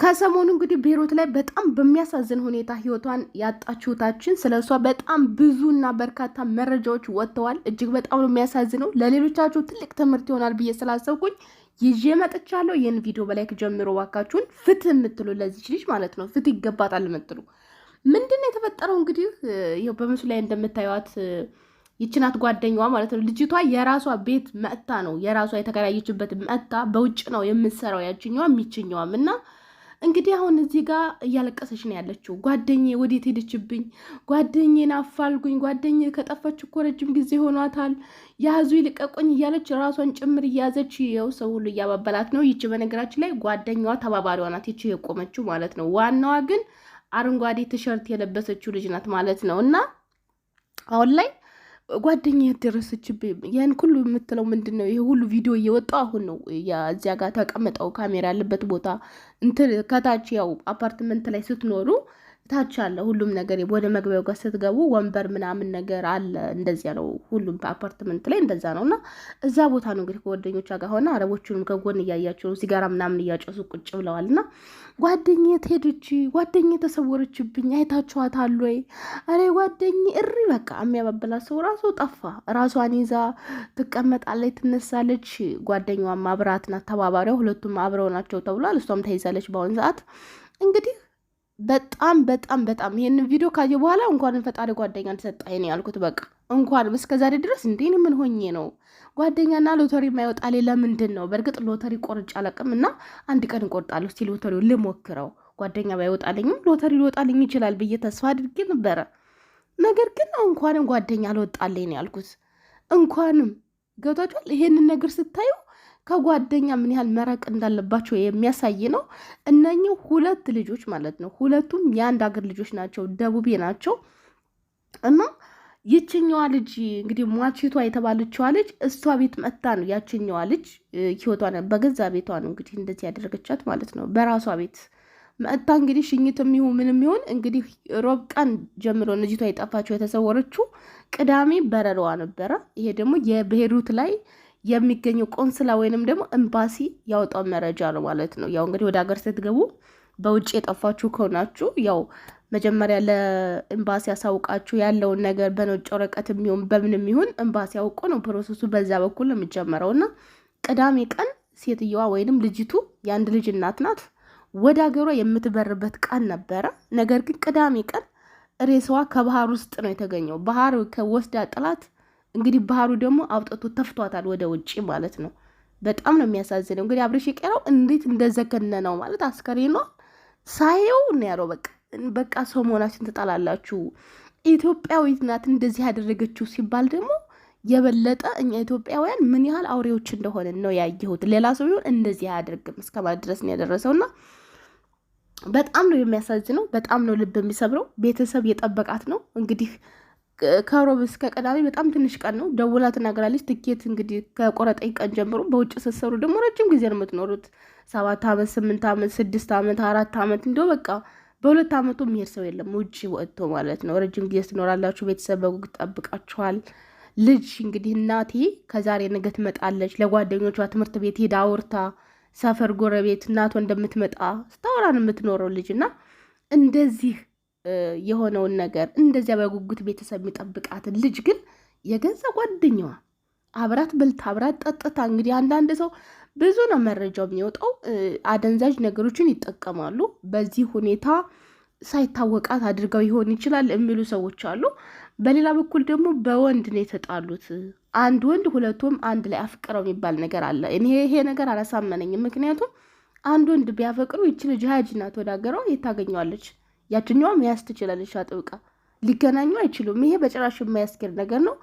ከሰሞኑ እንግዲህ ቤሮት ላይ በጣም በሚያሳዝን ሁኔታ ህይወቷን ያጣችሁታችን ስለ እሷ በጣም ብዙ እና በርካታ መረጃዎች ወጥተዋል። እጅግ በጣም ነው የሚያሳዝነው። ለሌሎቻችሁ ትልቅ ትምህርት ይሆናል ብዬ ስላሰብኩኝ ይዤ መጥቻለሁ። ይህን ቪዲዮ በላይክ ጀምሮ እባካችሁን ፍትህ የምትሉ ለዚች ልጅ ማለት ነው ፍትህ ይገባታል የምትሉ ምንድን ነው የተፈጠረው? እንግዲህ በምስሉ ላይ እንደምታዩት ይችናት ጓደኛዋ ማለት ነው ልጅቷ የራሷ ቤት መጥታ ነው የራሷ የተከራየችበት መጥታ በውጭ ነው የምትሰራው ያችኛዋ የሚችኛዋም እና እንግዲህ አሁን እዚህ ጋር እያለቀሰች ነው ያለችው። ጓደኜ ወዴት ሄደችብኝ? ጓደኜን አፋልጉኝ፣ ጓደኝ ከጠፋች እኮ ረጅም ጊዜ ሆኗታል፣ ያዙ ይልቀቁኝ እያለች ራሷን ጭምር እያዘች ይኸው ሰው ሁሉ እያባበላት ነው። ይቺ በነገራችን ላይ ጓደኛዋ ተባባሪዋ ናት፣ ይቺ የቆመችው ማለት ነው። ዋናዋ ግን አረንጓዴ ቲሸርት የለበሰችው ልጅ ናት ማለት ነው እና አሁን ላይ ጓደኛ ያደረሰችብኝ ያን ሁሉ የምትለው ምንድን ነው? ይሄ ሁሉ ቪዲዮ እየወጣው አሁን ነው እዚያ ጋር ተቀምጠው ካሜራ ያለበት ቦታ እንትን ከታች ያው አፓርትመንት ላይ ስትኖሩ ታች አለ ሁሉም ነገር ወደ መግቢያው ጋር ስትገቡ ወንበር ምናምን ነገር አለ። እንደዚያ ነው ሁሉም በአፓርትመንት ላይ እንደዛ ነው። እና እዛ ቦታ ነው እንግዲህ ከጓደኞቿ ጋር ሆነ አረቦቹንም ከጎን እያያቸው ነው፣ ሲጋራ ምናምን እያጨሱ ቁጭ ብለዋል። እና ጓደኛ ሄደች፣ ጓደኛ ተሰወረችብኝ፣ አይታችኋታል ወይ? አሬ ጓደኝ እሪ በቃ የሚያባበላት ሰው ራሱ ጠፋ። ራሷን ይዛ ትቀመጣለች፣ ትነሳለች። ጓደኛዋም አብራት ናት፣ ሁለቱም አብረው ናቸው ተብሏል። እሷም ተይዛለች በአሁን ሰዓት እንግዲህ በጣም በጣም በጣም ይህን ቪዲዮ ካየ በኋላ እንኳንም ፈጣሪ ጓደኛ እንደሰጣኝ ነው ያልኩት። በቃ እንኳንም እስከዛሬ ድረስ እንዴን ምን ሆኜ ነው ጓደኛና ሎተሪ የማይወጣልኝ ለምንድን ነው? በእርግጥ ሎተሪ ቆርጬ አላውቅም እና አንድ ቀን እቆርጣለሁ እስኪ ሎተሪው ልሞክረው፣ ጓደኛ ባይወጣልኝም ሎተሪ ሊወጣልኝ ይችላል ብዬ ተስፋ አድርጌ ነበረ። ነገር ግን እንኳንም ጓደኛ አልወጣልኝ ነው ያልኩት። እንኳንም ገብቷችኋል። ይሄንን ነገር ስታዩ ከጓደኛ ምን ያህል መረቅ እንዳለባቸው የሚያሳይ ነው። እነኚህ ሁለት ልጆች ማለት ነው። ሁለቱም የአንድ አገር ልጆች ናቸው፣ ደቡቤ ናቸው እና ይችኛዋ ልጅ እንግዲህ ሟቺቷ የተባለችዋ ልጅ እሷ ቤት መታ ነው ያችኛዋ ልጅ ህይወቷን በገዛ ቤቷ ነው እንግዲህ እንደዚህ ያደረገቻት ማለት ነው። በራሷ ቤት መታ እንግዲህ ሽኝት ይሁን ምንም ይሆን እንግዲህ ሮብ ቀን ጀምሮ ልጅቷ የጠፋቸው የተሰወረችው ቅዳሜ በረራዋ ነበረ። ይሄ ደግሞ የቤይሩት ላይ የሚገኘው ቆንስላ ወይንም ደግሞ ኤምባሲ ያወጣው መረጃ ነው ማለት ነው። ያው እንግዲህ ወደ ሀገር ስትገቡ በውጭ የጠፋችሁ ከሆናችሁ ያው መጀመሪያ ለኤምባሲ ያሳውቃችሁ ያለውን ነገር በነጭ ወረቀት የሚሆን በምን የሚሆን ኤምባሲ ያውቁ ነው። ፕሮሰሱ በዛ በኩል ነው የሚጀመረው እና ቅዳሜ ቀን ሴትየዋ ወይንም ልጅቱ የአንድ ልጅ እናት ናት ወደ ሀገሯ የምትበርበት ቀን ነበረ። ነገር ግን ቅዳሜ ቀን ሬሳዋ ከባህር ውስጥ ነው የተገኘው። ባህር ከወስዳ ጥላት እንግዲህ ባህሩ ደግሞ አውጥቶ ተፍቷታል ወደ ውጭ ማለት ነው። በጣም ነው የሚያሳዝነው። እንግዲህ አብርሽ የቀረው እንዴት ነው ማለት አስከሬኗ ሳየው ነው ያለው። በቃ በቃ ሰው መሆናችን ትጣላላችሁ፣ ኢትዮጵያዊት ናት እንደዚህ ያደረገችው ሲባል ደግሞ የበለጠ እኛ ኢትዮጵያውያን ምን ያህል አውሬዎች እንደሆነ ነው ያየሁት። ሌላ ሰው ቢሆን እንደዚህ አያደርግም እስከ ማለት ድረስ ነው ያደረሰውና በጣም ነው የሚያሳዝነው። በጣም ነው ልብ የሚሰብረው። ቤተሰብ የጠበቃት ነው እንግዲህ ከሮብ እስከ ቅዳሜ በጣም ትንሽ ቀን ነው። ደውላ ትናገራለች። ትኬት እንግዲህ ከቆረጠኝ ቀን ጀምሮ በውጭ ስትሰሩ ደግሞ ረጅም ጊዜ ነው የምትኖሩት። ሰባት ዓመት፣ ስምንት ዓመት፣ ስድስት ዓመት፣ አራት ዓመት እንዲሁ በቃ በሁለት ዓመቱ የሚሄድ ሰው የለም ውጭ ወጥቶ ማለት ነው። ረጅም ጊዜ ትኖራላችሁ። ቤተሰብ በጉግ ጠብቃችኋል። ልጅ እንግዲህ እናቴ ከዛሬ ነገ ትመጣለች። ለጓደኞቿ ትምህርት ቤት ሄዳ አውርታ ሰፈር፣ ጎረቤት እናቷ እንደምትመጣ ስታወራን የምትኖረው ልጅ እና እንደዚህ የሆነውን ነገር እንደዚያ በጉጉት ቤተሰብ የሚጠብቃትን ልጅ ግን የገንዘብ ጓደኛዋ አብራት በልታ አብራት ጠጥታ። እንግዲህ አንዳንድ ሰው ብዙ ነው መረጃው የሚወጣው። አደንዛዥ ነገሮችን ይጠቀማሉ። በዚህ ሁኔታ ሳይታወቃት አድርገው ይሆን ይችላል የሚሉ ሰዎች አሉ። በሌላ በኩል ደግሞ በወንድ ነው የተጣሉት። አንድ ወንድ ሁለቱም አንድ ላይ አፍቅረው የሚባል ነገር አለ። እኔ ይሄ ነገር አላሳመነኝም። ምክንያቱም አንድ ወንድ ቢያፈቅሩ ይች ልጅ ሀያጅ ናት፣ ወደ ሀገሯ የታገኘዋለች ያችኛዋ መያዝ ትችላለች አጥብቃ። ሊገናኙ አይችሉም። ይሄ በጭራሽ የማያስኬድ ነገር ነው።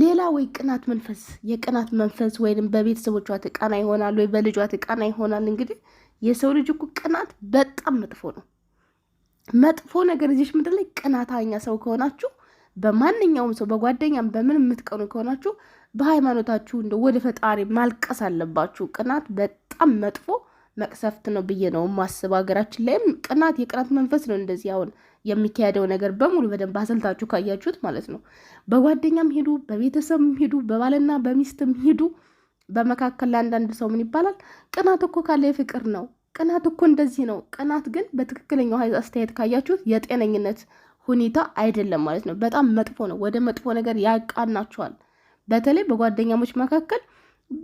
ሌላ ወይ ቅናት መንፈስ፣ የቅናት መንፈስ ወይም በቤተሰቦቿ ትቃና ይሆናል ወይ በልጇ ትቃና ይሆናል። እንግዲህ የሰው ልጅ እኮ ቅናት በጣም መጥፎ ነው። መጥፎ ነገር እዚች ምድር ላይ ቅናታኛ ሰው ከሆናችሁ በማንኛውም ሰው በጓደኛም በምን የምትቀኑ ከሆናችሁ በሃይማኖታችሁ እንደ ወደ ፈጣሪ ማልቀስ አለባችሁ። ቅናት በጣም መጥፎ መቅሰፍት ነው ብዬ ነው ማስብ። ሀገራችን ላይም ቅናት የቅናት መንፈስ ነው እንደዚህ አሁን የሚካሄደው ነገር በሙሉ በደንብ አሰልታችሁ ካያችሁት ማለት ነው። በጓደኛም ሄዱ፣ በቤተሰብም ሄዱ፣ በባልና በሚስትም ሄዱ፣ በመካከል ለአንዳንድ ሰው ምን ይባላል? ቅናት እኮ ካለ የፍቅር ነው። ቅናት እኮ እንደዚህ ነው። ቅናት ግን በትክክለኛው አስተያየት ካያችሁት የጤነኝነት ሁኔታ አይደለም ማለት ነው። በጣም መጥፎ ነው። ወደ መጥፎ ነገር ያቃናቸዋል በተለይ በጓደኛሞች መካከል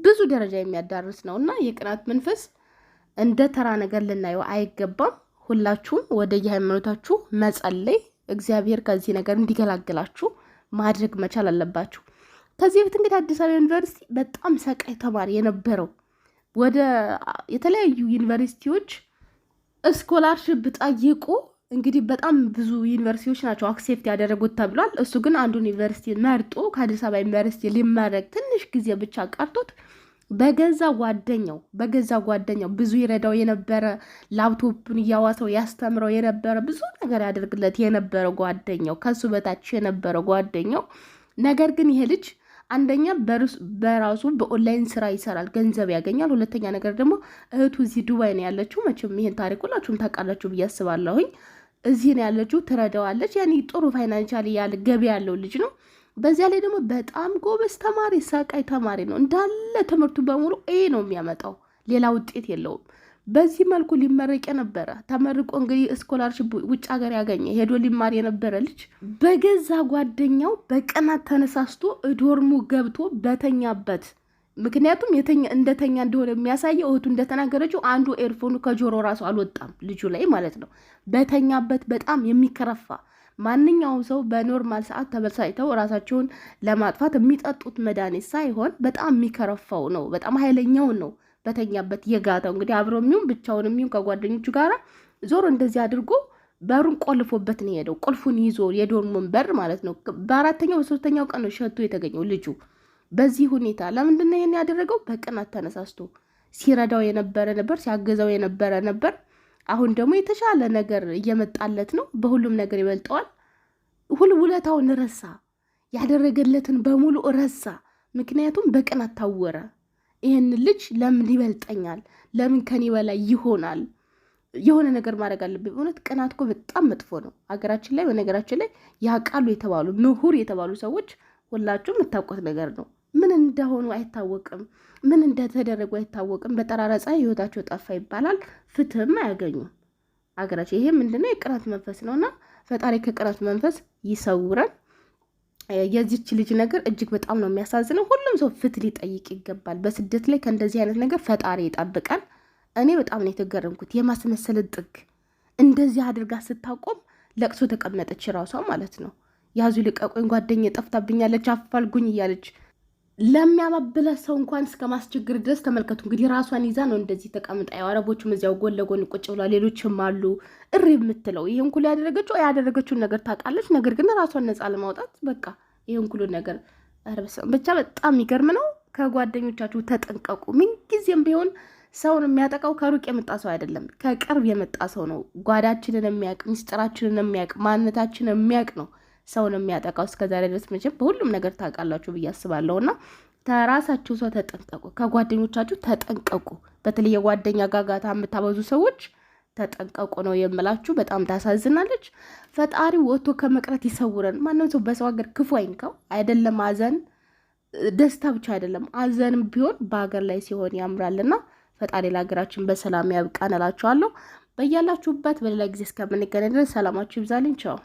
ብዙ ደረጃ የሚያዳርስ ነው እና የቅናት መንፈስ እንደ ተራ ነገር ልናየው አይገባም። ሁላችሁም ወደ የሃይማኖታችሁ መጸለይ፣ እግዚአብሔር ከዚህ ነገር እንዲገላግላችሁ ማድረግ መቻል አለባችሁ። ከዚህ በፊት እንግዲህ አዲስ አበባ ዩኒቨርሲቲ በጣም ሰቃይ ተማሪ የነበረው ወደ የተለያዩ ዩኒቨርሲቲዎች ስኮላርሽፕ ጠይቁ እንግዲህ በጣም ብዙ ዩኒቨርሲቲዎች ናቸው አክሴፕት ያደረጉት ተብሏል። እሱ ግን አንዱ ዩኒቨርሲቲ መርጦ ከአዲስ አበባ ዩኒቨርሲቲ ሊመረቅ ትንሽ ጊዜ ብቻ ቀርቶት በገዛ ጓደኛው በገዛ ጓደኛው ብዙ ይረዳው የነበረ ላፕቶፕን እያዋሰው ያስተምረው የነበረ ብዙ ነገር ያደርግለት የነበረ ጓደኛው ከሱ በታች የነበረ ጓደኛው። ነገር ግን ይሄ ልጅ አንደኛ በራሱ በኦንላይን ስራ ይሰራል፣ ገንዘብ ያገኛል። ሁለተኛ ነገር ደግሞ እህቱ እዚህ ዱባይ ነው ያለችው። መቼም ይሄን ታሪክ ሁላችሁም ታውቃላችሁ ብዬ አስባለሁኝ። እዚህ ነው ያለችው፣ ትረዳዋለች። ያኔ ጥሩ ፋይናንሻል ያለ ገቢ ያለው ልጅ ነው። በዚያ ላይ ደግሞ በጣም ጎበዝ ተማሪ ሰቃይ ተማሪ ነው። እንዳለ ትምህርቱ በሙሉ ኤ ነው የሚያመጣው፣ ሌላ ውጤት የለውም። በዚህ መልኩ ሊመረቅ የነበረ ተመርቆ እንግዲህ ስኮላርሽፕ ውጭ ሀገር ያገኘ ሄዶ ሊማር የነበረ ልጅ በገዛ ጓደኛው በቅናት ተነሳስቶ ዶርሙ ገብቶ በተኛበት ምክንያቱም እንደተኛ እንደሆነ የሚያሳየው እህቱ እንደተናገረችው አንዱ ኤርፎኑ ከጆሮ ራሱ አልወጣም ልጁ ላይ ማለት ነው። በተኛበት በጣም የሚከረፋ ማንኛውም ሰው በኖርማል ሰዓት ተበሳጭተው ራሳቸውን ለማጥፋት የሚጠጡት መድኃኒት ሳይሆን በጣም የሚከረፋው ነው። በጣም ኃይለኛውን ነው በተኛበት የጋተው እንግዲህ አብሮ የሚሆን ብቻውን የሚሆን ከጓደኞቹ ጋራ ዞሮ እንደዚህ አድርጎ በሩን ቆልፎበት ነው የሄደው። ቁልፉን ይዞ የዶርሙን በር ማለት ነው። በአራተኛው በሶስተኛው ቀን ነው ሸቶ የተገኘው ልጁ። በዚህ ሁኔታ ለምንድን ነው ይሄን ያደረገው? በቅናት ተነሳስቶ ሲረዳው የነበረ ነበር፣ ሲያገዛው የነበረ ነበር አሁን ደግሞ የተሻለ ነገር እየመጣለት ነው። በሁሉም ነገር ይበልጠዋል። ሁል ውለታውን ረሳ፣ ያደረገለትን በሙሉ ረሳ። ምክንያቱም በቀን ታወረ። ይህን ልጅ ለምን ይበልጠኛል? ለምን ከኔ በላይ ይሆናል? የሆነ ነገር ማድረግ አለብኝ። እውነት ቅናት እኮ በጣም መጥፎ ነው ሀገራችን ላይ። በነገራችን ላይ ያውቃሉ የተባሉ ምሁር የተባሉ ሰዎች ሁላችሁም የምታውቁት ነገር ነው። ምን እንደሆኑ አይታወቅም። ምን እንደተደረጉ አይታወቅም። በጠራራ ፀሐይ ህይወታቸው ጠፋ ይባላል። ፍትህም አያገኙም አገራቸው። ይሄ ምንድነው? የቅናት መንፈስ ነውና ፈጣሪ ከቅናት መንፈስ ይሰውረን። የዚች ልጅ ነገር እጅግ በጣም ነው የሚያሳዝነው። ሁሉም ሰው ፍትህ ሊጠይቅ ይገባል። በስደት ላይ ከእንደዚህ አይነት ነገር ፈጣሪ ይጠብቀን። እኔ በጣም ነው የተገረምኩት። የማስመሰል ጥግ እንደዚህ አድርጋ ስታቆም ለቅሶ ተቀመጠች ራሷ ማለት ነው። ያዙ ልቀቆኝ፣ ጓደኛ ጠፍታብኛለች፣ አፋልጉኝ እያለች ለሚያባብለ ሰው እንኳን እስከ ማስቸግር ድረስ ተመልከቱ። እንግዲህ ራሷን ይዛ ነው እንደዚህ ተቀምጣ፣ አረቦቹም እዚያው ጎን ለጎን ቁጭ ብሏል፣ ሌሎችም አሉ። እሪ የምትለው ይህን ሁሉ ያደረገችው ያደረገችውን ነገር ታውቃለች። ነገር ግን ራሷን ነፃ ለማውጣት በቃ ይህን ሁሉ ነገር ብቻ በጣም የሚገርም ነው። ከጓደኞቻችሁ ተጠንቀቁ። ምንጊዜም ቢሆን ሰውን የሚያጠቃው ከሩቅ የመጣ ሰው አይደለም፣ ከቅርብ የመጣ ሰው ነው። ጓዳችንን የሚያውቅ ሚስጥራችንን የሚያውቅ ማንነታችንን የሚያውቅ ነው። ሰው ነው የሚያጠቃው። እስከዛሬ ድረስ መቼም በሁሉም ነገር ታውቃላችሁ ብዬ አስባለሁ እና ከራሳችሁ ሰው ተጠንቀቁ፣ ከጓደኞቻችሁ ተጠንቀቁ። በተለይ የጓደኛ ጋጋታ የምታበዙ ሰዎች ተጠንቀቁ ነው የምላችሁ። በጣም ታሳዝናለች። ፈጣሪ ወጥቶ ከመቅረት ይሰውረን። ማንም ሰው በሰው ሀገር ክፉ አይንካው። አይደለም አዘን ደስታ ብቻ አይደለም፣ አዘንም ቢሆን በሀገር ላይ ሲሆን ያምራልና ፈጣሪ ለሀገራችን በሰላም ያብቃን እላችኋለሁ። በያላችሁበት በሌላ ጊዜ እስከምንገናኝ ድረስ ሰላማችሁ ይብዛልኝ። ቻው